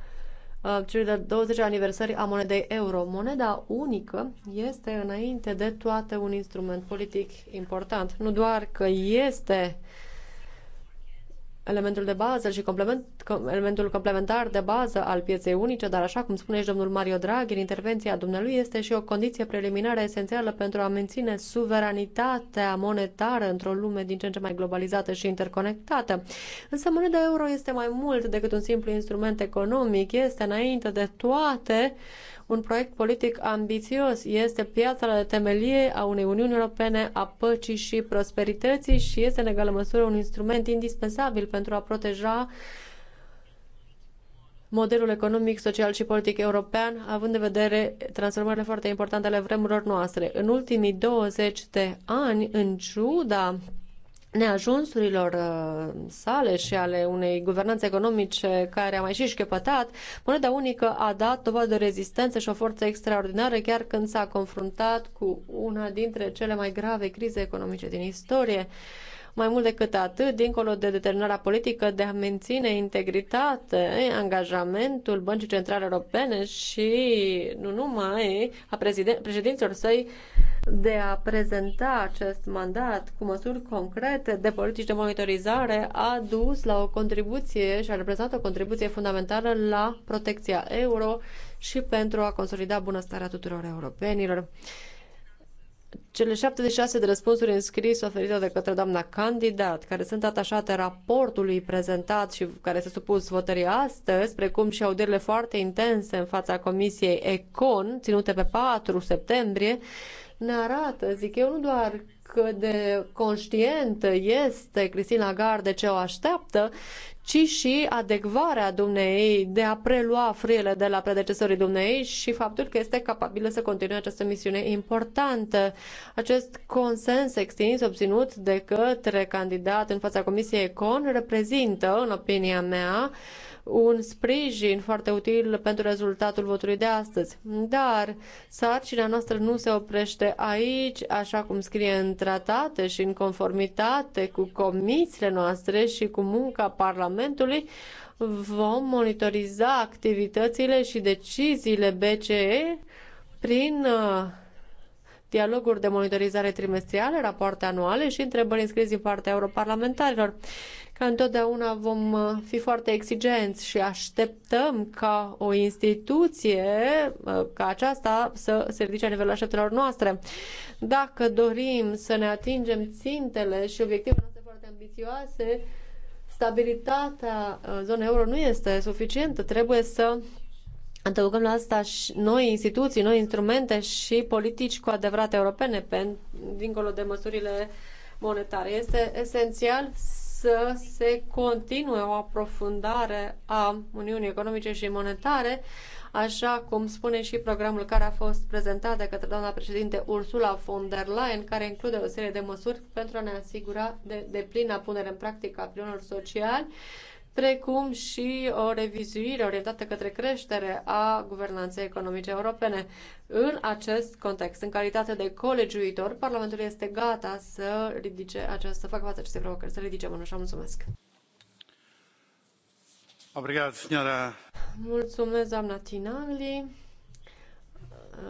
celui de 20 aniversări a monedei euro. Moneda unică este înainte de toate un instrument politic important. Nu doar că este elementul de bază și complement, elementul complementar de bază al pieței unice, dar așa cum spune și domnul Mario Draghi în intervenția dumnealui, este și o condiție preliminară esențială pentru a menține suveranitatea monetară într-o lume din ce în ce mai globalizată și interconectată. Însă moneda euro este mai mult decât un simplu instrument economic, este înainte de toate un proiect politic ambițios. Este piața de temelie a unei Uniuni Europene a păcii și prosperității și este în egală măsură un instrument indispensabil pentru pentru a proteja modelul economic, social și politic european, având în vedere transformările foarte importante ale vremurilor noastre. În ultimii 20 de ani, în ciuda neajunsurilor uh, sale și ale unei guvernanțe economice care a mai și șchepătat, moneda unică a dat dovadă de rezistență și o forță extraordinară chiar când s-a confruntat cu una dintre cele mai grave crize economice din istorie. Mai mult decât atât, dincolo de determinarea politică de a menține integritate, angajamentul Băncii Centrale Europene și nu numai a președinților săi de a prezenta acest mandat cu măsuri concrete de politici de monitorizare a dus la o contribuție și a reprezentat o contribuție fundamentală la protecția euro și pentru a consolida bunăstarea tuturor europenilor cele 76 de răspunsuri scris oferite de către doamna candidat, care sunt atașate raportului prezentat și care se supus votării astăzi, precum și audierile foarte intense în fața Comisiei ECON, ținute pe 4 septembrie, ne arată, zic eu, nu doar cât de conștientă este Cristina Garde ce o așteaptă, ci și adecvarea dumnei de a prelua friele de la predecesorii dumnei și faptul că este capabilă să continue această misiune importantă. Acest consens extins obținut de către candidat în fața Comisiei Econ reprezintă, în opinia mea, un sprijin foarte util pentru rezultatul votului de astăzi. Dar sarcina noastră nu se oprește aici, așa cum scrie în tratate și în conformitate cu comisiile noastre și cu munca Parlamentului, vom monitoriza activitățile și deciziile BCE prin uh, dialoguri de monitorizare trimestriale, rapoarte anuale și întrebări înscrise din partea europarlamentarilor. Ca întotdeauna vom uh, fi foarte exigenți și așteptăm ca o instituție uh, ca aceasta să se ridice la nivelul așteptărilor noastre. Dacă dorim să ne atingem țintele și obiectivele noastre foarte ambițioase, stabilitatea uh, zonei euro nu este suficientă. Trebuie să Adăugăm la asta și noi instituții, noi instrumente și politici cu adevărat europene, pe, dincolo de măsurile monetare. Este esențial să se continue o aprofundare a Uniunii Economice și Monetare, așa cum spune și programul care a fost prezentat de către doamna președinte Ursula von der Leyen, care include o serie de măsuri pentru a ne asigura de, de plină punere în practică a pilonului social precum și o revizuire orientată către creștere a guvernanței economice europene. În acest context, în calitate de colegiuitor, Parlamentul este gata să ridice această, să facă față acestei provocări, să ridice mâna. Mulțumesc! Obrigat, Mulțumesc, doamna Tinali.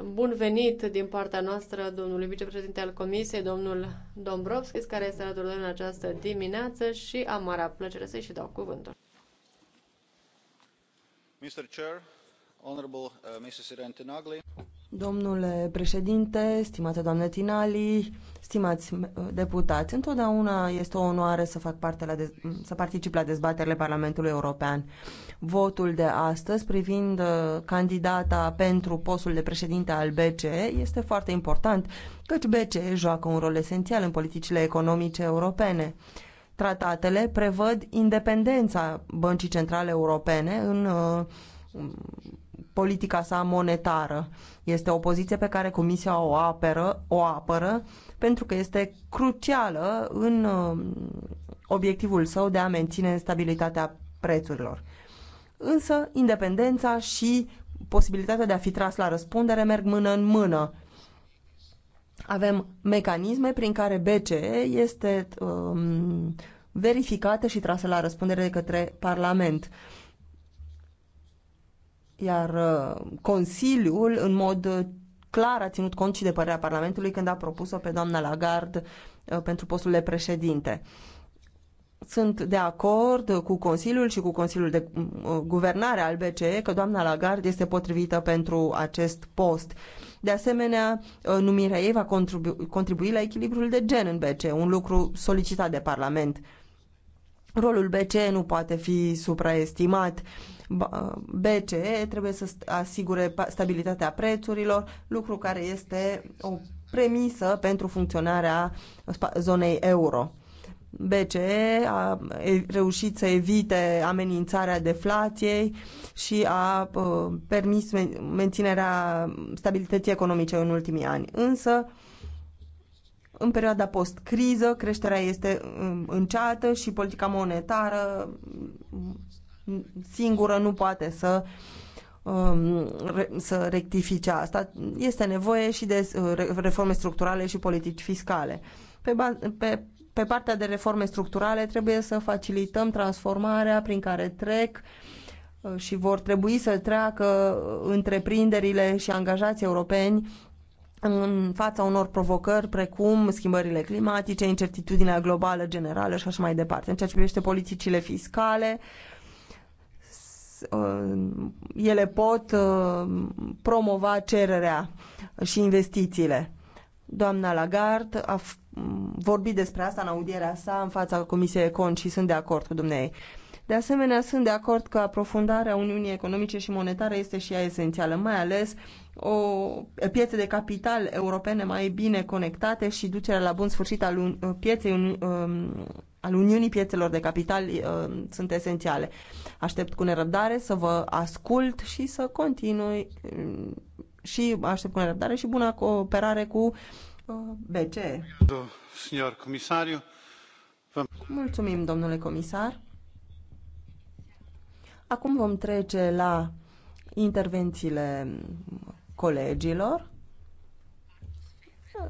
Bun venit din partea noastră domnului vicepreședinte al Comisiei, domnul Dombrovskis, care este alături de în această dimineață și am marea plăcere să-i și dau cuvântul.
Mr. Chair, Honorable uh, Mrs. Rentinagli.
Domnule președinte, stimate doamne Tinali, stimați uh, deputați, întotdeauna este o onoare să, fac parte la de- să particip la dezbaterile Parlamentului European. Votul de astăzi privind uh, candidata pentru postul de președinte al BCE este foarte important, căci BCE joacă un rol esențial în politicile economice europene. Tratatele prevăd independența Băncii Centrale Europene în uh, politica sa monetară. Este o poziție pe care Comisia o apără, o apără pentru că este crucială în um, obiectivul său de a menține stabilitatea prețurilor. Însă, independența și posibilitatea de a fi tras la răspundere merg mână în mână. Avem mecanisme prin care BCE este um, verificată și trasă la răspundere de către Parlament. Uh, iar uh, Consiliul, în mod uh, clar, a ținut cont și de părerea Parlamentului când a propus-o pe doamna Lagarde uh, pentru postul de președinte. Sunt de acord cu Consiliul și cu Consiliul de Guvernare al BCE că doamna Lagarde este potrivită pentru acest post. De asemenea, numirea ei va contribui la echilibrul de gen în BCE, un lucru solicitat de Parlament. Rolul BCE nu poate fi supraestimat. BCE trebuie să asigure stabilitatea prețurilor, lucru care este o premisă pentru funcționarea zonei euro. BCE a reușit să evite amenințarea deflației și a uh, permis menținerea stabilității economice în ultimii ani. Însă, în perioada post-criză, creșterea este um, înceată și politica monetară mm, singură nu poate să um, să rectifice asta. Este nevoie și de uh, reforme structurale și politici fiscale. Pe, pe, pe partea de reforme structurale trebuie să facilităm transformarea prin care trec uh, și vor trebui să treacă uh, întreprinderile și angajații europeni în fața unor provocări precum schimbările climatice, incertitudinea globală generală și așa mai departe. În ceea ce privește politicile fiscale, uh, ele pot uh, promova cererea și investițiile. Doamna Lagarde a vorbit despre asta în audierea sa în fața Comisiei Econ și sunt de acord cu dumneavoastră. De asemenea, sunt de acord că aprofundarea Uniunii Economice și Monetare este și ea esențială, mai ales o piețe de capital europene mai bine conectate și ducerea la bun sfârșit al un, uh, pieței um, al Uniunii Piețelor de Capital uh, sunt esențiale. Aștept cu nerăbdare să vă ascult și să continui uh, și aștept cu nerăbdare și bună cooperare cu BCE. Mulțumim, domnule comisar. Acum vom trece la intervențiile colegilor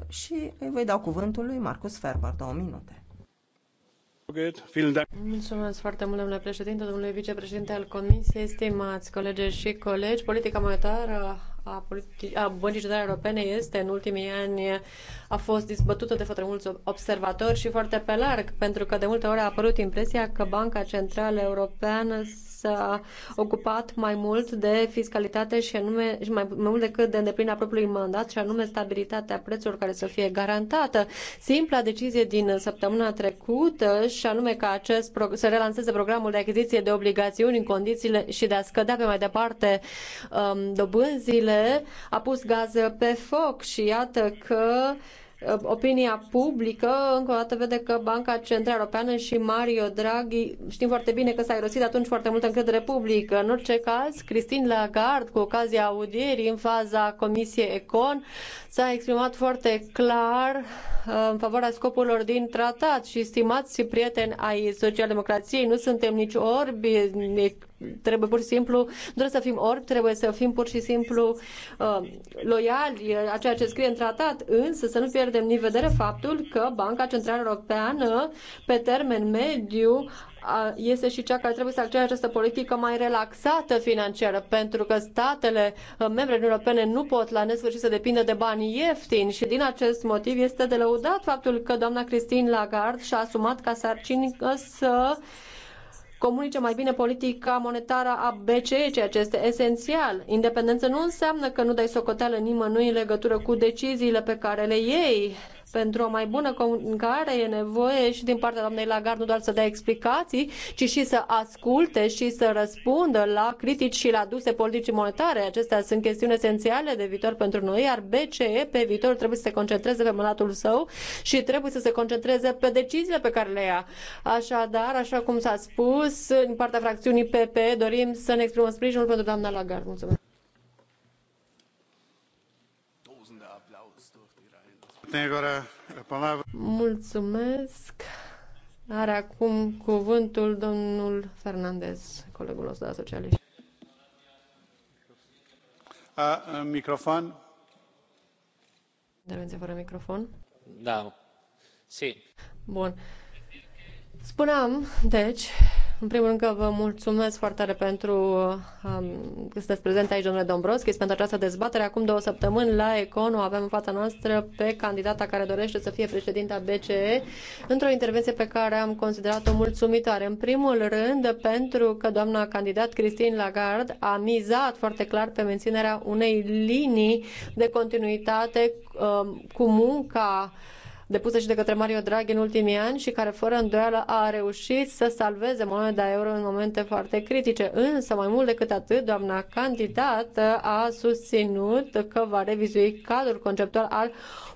și îi voi da cuvântul lui Marcus Ferber, două minute.
Mulțumesc foarte mult, domnule președinte, domnule vicepreședinte al Comisiei, stimați colegi și colegi. Politica monetară a, politi- a Băncii Centrale Europene este în ultimii ani a fost dizbătută de foarte mulți observatori și foarte pe larg, pentru că de multe ori a apărut impresia că Banca Centrală Europeană s-a ocupat mai mult de fiscalitate și anume și mai, mai mult decât de îndeplinirea propriului mandat și anume stabilitatea prețurilor care să fie garantată. Simpla decizie din săptămâna trecută și anume ca acest să relanseze programul de achiziție de obligațiuni în condițiile și de a scădea pe mai departe um, dobânzile a pus gaz pe foc și iată că Ă, opinia publică încă o dată vede că Banca Centrală Europeană și Mario Draghi știm foarte bine că s-a irosit atunci foarte mult încredere publică. În orice caz, Christine Lagarde, cu ocazia audierii în faza Comisiei Econ, s-a exprimat foarte clar uh, în favoarea scopurilor din tratat și stimați prieteni ai socialdemocrației, nu suntem nici orbi, trebuie pur și simplu, doar să fim orbi, trebuie să fim pur și simplu uh, loiali a ceea ce scrie în tratat, însă să nu pierdem din vedere faptul că Banca Centrală Europeană pe termen mediu este și cea care trebuie să acționeze această politică mai relaxată financiară, pentru că statele uh, membre europene nu pot la nesfârșit să depindă de bani ieftini și din acest motiv este de lăudat faptul că doamna Christine Lagarde și-a asumat ca sarcinică să comunice mai bine politica monetară a BCE, ceea ce este esențial. Independență nu înseamnă că nu dai socoteală nimănui în legătură cu deciziile pe care le iei pentru o mai bună comunicare e nevoie și din partea doamnei Lagarde nu doar să dea explicații, ci și să asculte și să răspundă la critici și la duse politicii monetare. Acestea sunt chestiuni esențiale de viitor pentru noi, iar BCE pe viitor trebuie să se concentreze pe mandatul său și trebuie să se concentreze pe deciziile pe care le ia. Așadar, așa cum s-a spus, din partea fracțiunii PP dorim să ne exprimăm sprijinul pentru doamna Lagarde. Mulțumesc! Mulțumesc. Are acum cuvântul domnul Fernandez, colegul nostru de la socialiști.
Microfon.
Intervenție fără microfon.
Da. Si.
Bun. Spuneam, deci, în primul rând că vă mulțumesc foarte tare pentru um, că sunteți prezent aici, domnule Dombrovski, pentru această dezbatere. Acum două săptămâni la Econo avem în fața noastră pe candidata care dorește să fie președinta BCE într-o intervenție pe care am considerat-o mulțumitoare. În primul rând pentru că doamna candidat Christine Lagarde a mizat foarte clar pe menținerea unei linii de continuitate um, cu munca uh, depuse și de către Mario Draghi în ultimii ani și care fără îndoială a reușit să salveze moneda euro în momente foarte critice. Însă, mai mult decât atât, doamna candidată a susținut că va revizui cadrul conceptual al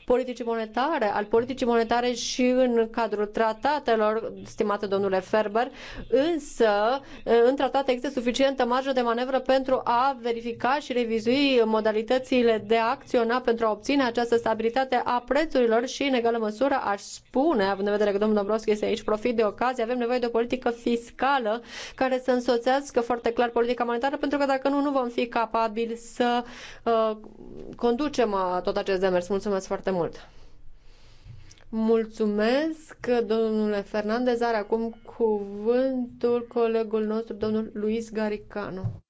politicii monetare, al politicii monetare și în cadrul tratatelor, stimate domnule Ferber, însă în tratate există suficientă marjă de manevră pentru a verifica și revizui modalitățile de a acționa pentru a obține această stabilitate a prețurilor și, în egală măsură, aș spune, având în vedere că domnul Dombrovski este aici, profit de ocazie, avem nevoie de o politică fiscală care să însoțească foarte clar politica monetară, pentru că dacă nu, nu vom fi capabili să uh, conducem uh, tot acest demers. Mulțumesc foarte mult! mult! Mulțumesc, domnule Fernandez. Are acum cuvântul colegul nostru, domnul Luis Garicano.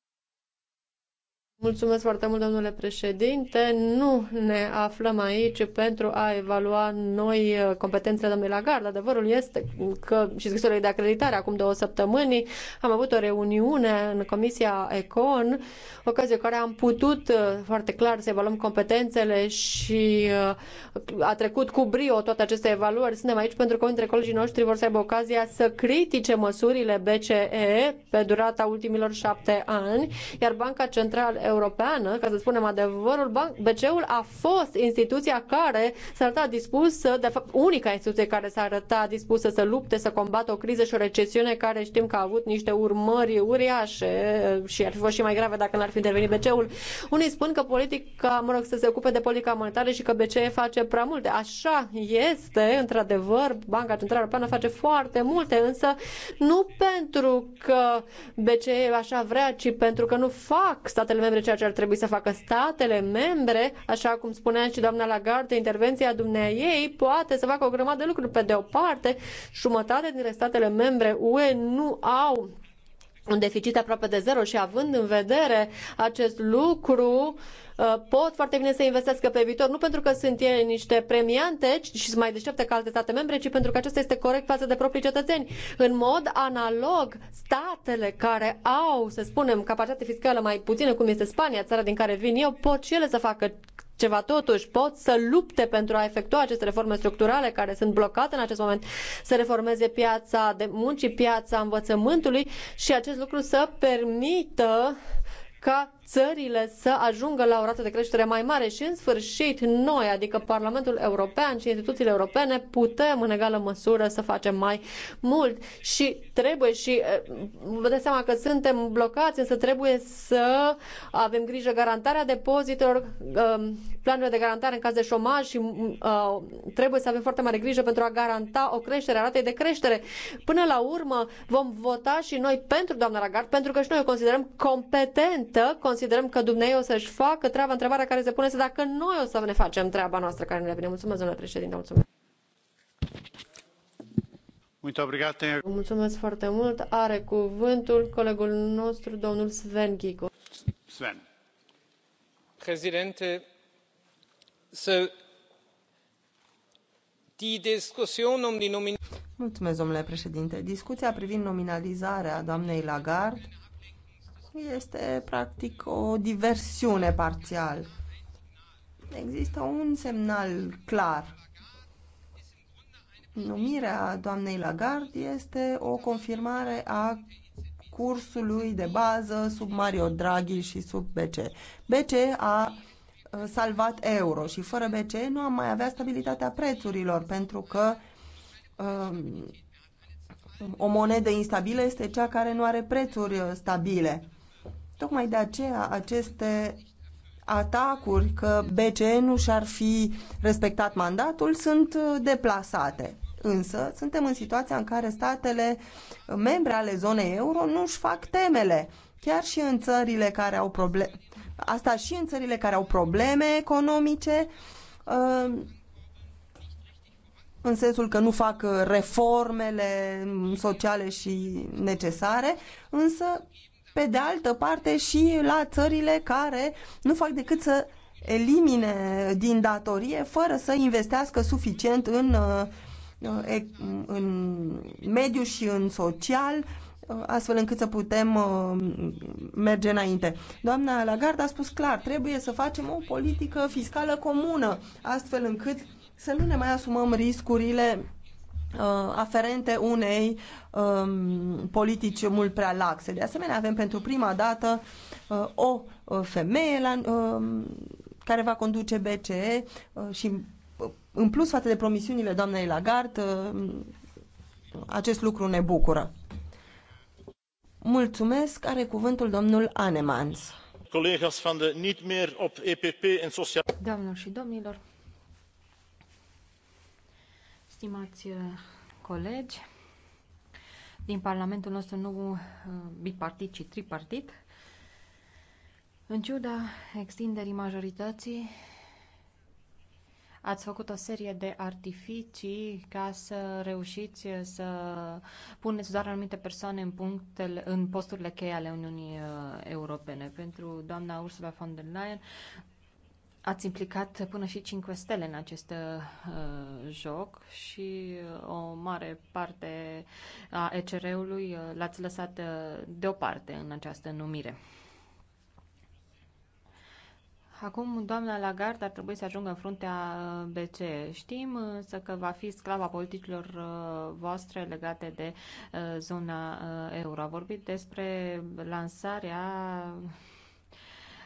Mulțumesc foarte mult, domnule președinte. Nu ne aflăm aici pentru a evalua noi uh, competențele domnului Lagarde. Adevărul este că și scrisorile de acreditare acum două săptămâni am avut o reuniune în Comisia Econ, ocazie care am putut uh, foarte clar să evaluăm competențele și uh, a trecut cu brio toate aceste evaluări. Suntem aici pentru că dintre colegii noștri vor să aibă ocazia să critique măsurile BCE pe durata ultimilor șapte ani, iar Banca Centrală Europeană, ca să spunem adevărul, BCE-ul a fost instituția care s-a arătat dispusă, de fapt unica instituție care s-a arătat dispusă să lupte, să combată o criză și o recesiune care știm că a avut niște urmări uriașe eh, și ar fi fost și mai grave dacă n-ar fi intervenit BCE-ul. Unii spun că politica, mă rog, să se ocupe de politica monetară și că BCE face prea multe. Așa este, într-adevăr, Banca Centrală Europeană face foarte multe, însă nu pentru că BCE așa vrea, ci pentru că nu fac statele membre ceea ce ar trebui să facă statele membre, așa cum spunea și doamna Lagarde, intervenția ei poate să facă o grămadă de lucruri. Pe de o parte, jumătate dintre statele membre UE nu au un deficit aproape de zero și având în vedere acest lucru, uh, pot foarte bine să investească pe viitor, nu pentru că sunt ei niște premiante și sunt mai deștepte ca alte state membre, ci pentru că acesta este corect față de proprii cetățeni. În mod analog, statele care au, să spunem, capacitate fiscală mai puțină, cum este Spania, țara din care vin eu, pot și ele să facă ceva totuși, pot să lupte pentru a efectua aceste reforme structurale care sunt blocate în acest moment, să reformeze piața de muncii, piața învățământului și acest lucru să permită ca țările să ajungă la o rată de creștere mai mare și, în sfârșit, noi, adică Parlamentul European și instituțiile europene, putem în egală măsură să facem mai mult și trebuie și eh, vă dați seama că suntem blocați, însă trebuie să avem grijă garantarea depozitelor, eh, planurile de garantare în caz de șomaj și eh, trebuie să avem foarte mare grijă pentru a garanta o creștere a ratei de creștere. Până la urmă vom vota și noi pentru doamna Ragard, pentru că și noi o considerăm competentă, considerăm considerăm că Dumnezeu o să-și facă treaba, întrebarea care se pune este dacă noi o să ne facem treaba noastră care ne revine. Mulțumesc, domnule președinte, mulțumesc. Mulțumesc foarte mult. Are cuvântul colegul nostru, domnul Sven Ghigo.
Sven. Președinte, să,
Mulțumesc, domnule președinte. Discuția privind nominalizarea doamnei Lagarde este practic o diversiune parțial. Există un semnal clar. Numirea doamnei Lagarde este o confirmare a cursului de bază sub Mario Draghi și sub BC. BC a uh, salvat euro și fără BC nu am mai avea stabilitatea prețurilor pentru că um, o monedă instabilă este cea care nu are prețuri stabile. Tocmai de aceea aceste atacuri că BCE nu și-ar fi respectat mandatul sunt uh, deplasate. Însă suntem în situația în care statele uh, membre ale zonei euro nu își fac temele, chiar și în țările care au probleme. Asta și în țările care au probleme economice, uh, în sensul că nu fac reformele mm, sociale și necesare, însă pe de altă parte și la țările care nu fac decât să elimine din datorie fără să investească suficient în, uh, în mediu și în social uh, astfel încât să putem uh, merge înainte. Doamna Lagarde a spus clar, trebuie să facem o politică fiscală comună, astfel încât să nu ne mai asumăm riscurile Uh, aferente unei um, politici mult prea laxe. De asemenea, avem pentru prima dată uh, o uh, femeie la, uh, care va conduce BCE uh, și uh, în plus față de promisiunile doamnei Lagarde, acest lucru ne bucură. Mulțumesc, are cuvântul domnul Anemans.
Colegas van de niet meer op EPP en social... Doamnelor și domnilor,
Stimați uh, colegi, din Parlamentul nostru nu uh, bipartit, ci tripartit, în ciuda extinderii majorității, ați făcut o serie de artificii ca să reușiți uh, să puneți doar anumite persoane în, punctele, în posturile cheie ale Uniunii Europene. Pentru doamna Ursula von der Leyen, Ați implicat până și 5 stele în acest uh, joc și uh, o mare parte a ECR-ului uh, l-ați lăsat uh, deoparte în această numire. Acum doamna Lagarde ar trebui să ajungă în fruntea uh, BC. Știm însă că va fi sclava politicilor voastre legate de zona euro. A vorbit despre lansarea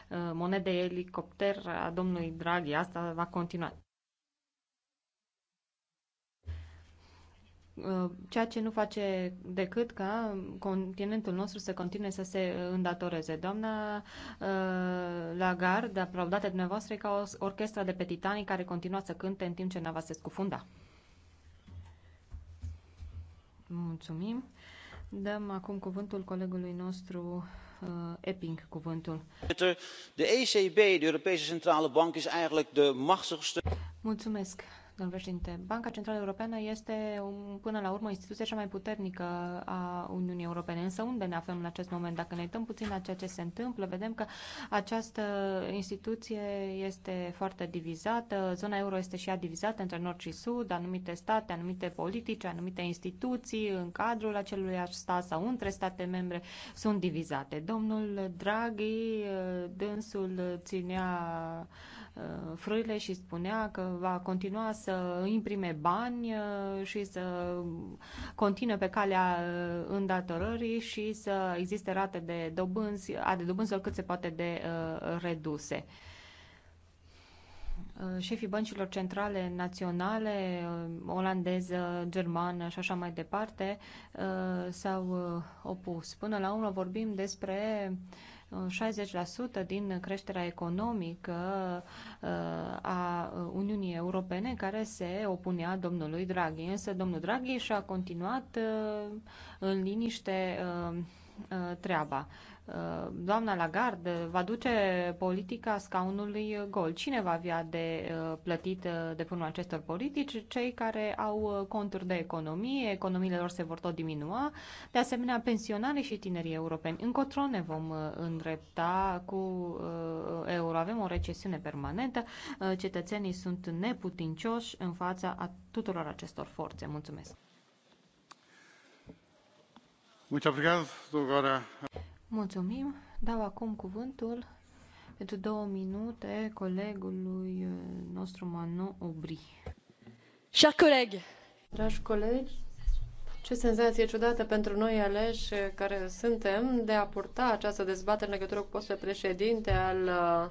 Uh, monede elicopter a domnului Draghi. Asta va continua. Uh, ceea ce nu face decât ca continentul nostru să continue să se îndatoreze. Doamna uh, Lagarde, aplaudată dumneavoastră, e ca o orchestra de pe Titanic care continua să cânte în timp ce nava se scufunda. Mulțumim. Dăm acum cuvântul colegului nostru Uh, Epping cuvântul.
De ECB, de Europese Centrale Bank, is eigenlijk de machtigste
domnul președinte. Banca Centrală Europeană este un, până la urmă instituția cea mai puternică a Uniunii Europene. Însă unde ne aflăm în acest moment? Dacă ne uităm puțin la ceea ce se întâmplă, vedem că această instituție este foarte divizată. Zona euro este și ea divizată între nord și sud, anumite state, anumite politici, anumite instituții în cadrul acelui stat sau între state membre sunt divizate. Domnul Draghi, dânsul ținea Uh, frâile și spunea că va continua să imprime bani uh, și să continue pe calea uh, îndatorării și să existe rate de dobânzi, a de dobânzilor cât se poate de reduse șefii băncilor centrale naționale, olandeză, germană și așa mai departe, s-au opus. Până la urmă vorbim despre uh, 60% din creșterea economică uh, a Uniunii Europene care se opunea domnului Draghi. Însă domnul Draghi și-a continuat uh, în liniște uh, treaba. Uh, doamna Lagarde va duce politica scaunului gol. Cine va avea de uh, plătit uh, de până acestor politici? Cei care au conturi de economie, economiile lor se vor tot diminua, de asemenea pensionarii și tinerii europeni. Încotro ne vom îndrepta cu euro. Avem o recesiune permanentă, cetățenii sunt neputincioși în fața a tuturor acestor forțe. Mulțumesc! Muito obrigado. Mulțumim. Dau acum cuvântul pentru două minute colegului uh, nostru Manu Obri. Chers colegi, dragi colegi, ce senzație ciudată pentru noi
aleși uh, care suntem de a purta această dezbatere în legătură cu postul președinte al uh,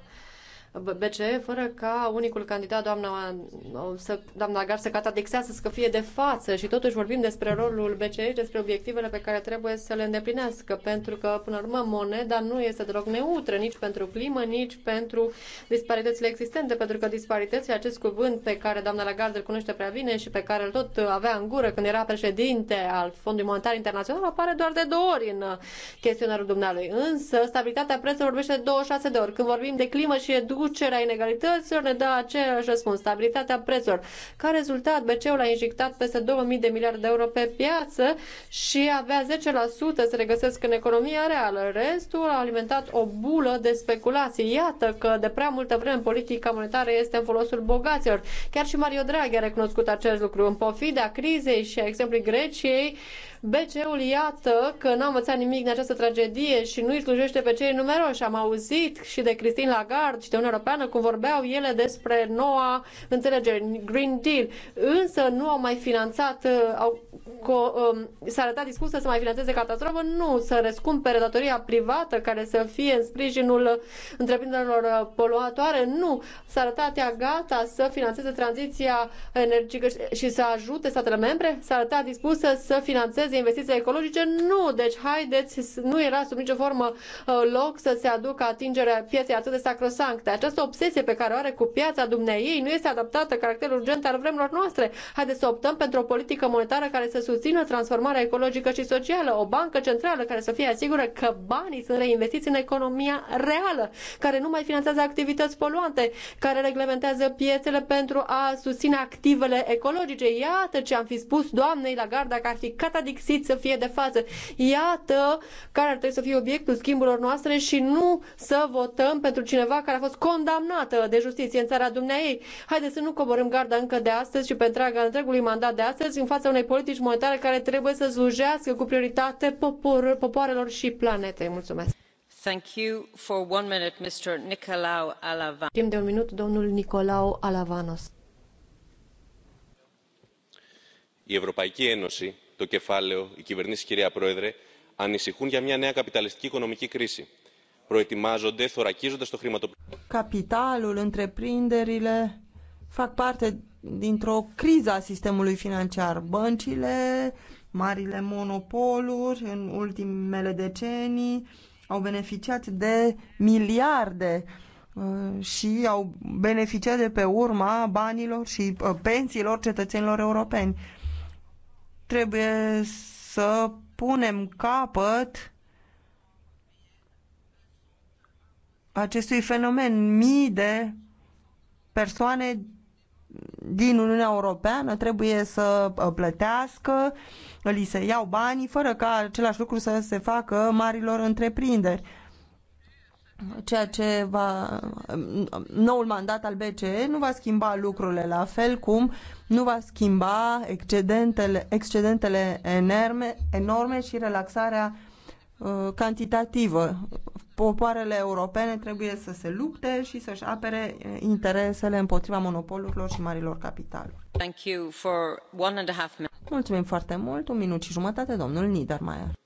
BCE, fără ca unicul candidat, doamna, să, doamna Lagarde, să catadexează, să fie de față și totuși vorbim despre rolul BCE și despre obiectivele pe care trebuie să le îndeplinească, pentru că, până la urmă, moneda nu este deloc neutră nici pentru climă, nici pentru disparitățile existente, pentru că disparitățile, acest cuvânt pe care doamna Lagarde îl cunoaște prea bine și pe care îl tot avea în gură când era președinte al Fondului Monetar Internațional, apare doar de două ori în chestionarul dumnealui. Însă, stabilitatea prețurilor vorbește de 26 de ori. Când vorbim de climă și edu reducerea inegalităților ne dă aceeași răspuns, stabilitatea prețurilor. Ca rezultat, BCE-ul a injectat peste 2000 de miliarde de euro pe piață și avea 10% se regăsesc în economia reală. Restul a alimentat o bulă de speculații. Iată că de prea multă vreme politica monetară este în folosul bogaților. Chiar și Mario Draghi a recunoscut acest lucru. În pofida crizei și a exemplului Greciei, BCE-ul iată că n-a învățat nimic din această tragedie și nu îi slujește pe cei numeroși. Am auzit și de Christine Lagarde și de un Uniunea Europeană, cum vorbeau ele despre noua înțelegere, Green Deal, însă nu au mai finanțat, uh, au, co, um, s-a arătat dispusă să mai finanțeze catastrofă, nu, să răscumpere datoria privată care să fie în sprijinul întreprinderilor uh, poluatoare, nu, s-a arătat ea gata să finanțeze tranziția energică și să ajute statele membre, s-a arătat dispusă să finanțeze investiții ecologice, nu, deci haideți, nu era sub nicio formă uh, loc să se aducă atingerea pieței atât de sacrosancte această obsesie pe care o are cu piața dumneai nu este adaptată caracterul urgent al vremurilor noastre. Haideți să optăm pentru o politică monetară care să susțină transformarea ecologică și socială, o bancă centrală care să fie asigură că banii sunt reinvestiți în economia reală, care nu mai finanțează activități poluante, care reglementează piețele pentru a susține activele ecologice. Iată ce am fi spus doamnei garda dacă ar fi catadixit să fie de față. Iată care ar trebui să fie obiectul schimburilor noastre și nu să votăm pentru cineva care a fost condamnată de justiție în țara dumneaei. Haideți să nu coborâm garda încă de astăzi și pe întreaga întregului mandat de astăzi în fața unei politici monetare care trebuie să slujească cu prioritate popor, popoarelor și planetei. Mulțumesc. Thank you for one minute, Mr. Nicolau Alavanos. Timp de un minut, domnul Nicolau Alavanos.
Η Ευρωπαϊκή Ένωση, το κεφάλαιο, οι κυβερνήσει, κυρία Πρόεδρε, ανησυχούν για μια νέα καπιταλιστική οικονομική κρίση Capitalul, întreprinderile fac parte dintr-o criză a sistemului financiar. Băncile, marile monopoluri în ultimele decenii au beneficiat de miliarde uh, și au beneficiat de pe urma banilor și uh, pensiilor cetățenilor europeni. Trebuie să punem capăt acestui fenomen. Mii de persoane din Uniunea Europeană trebuie să uh, plătească, li se iau banii, fără ca același lucru să se facă marilor întreprinderi. Ceea ce va. Uh, noul mandat al BCE nu va schimba lucrurile, la fel cum nu va schimba excedentele, excedentele enorme, enorme și relaxarea uh, cantitativă popoarele europene trebuie să se lupte și să-și apere eh, interesele împotriva monopolurilor și marilor capitaluri. Mulțumim foarte mult. Un minut și jumătate, domnul Niedermayer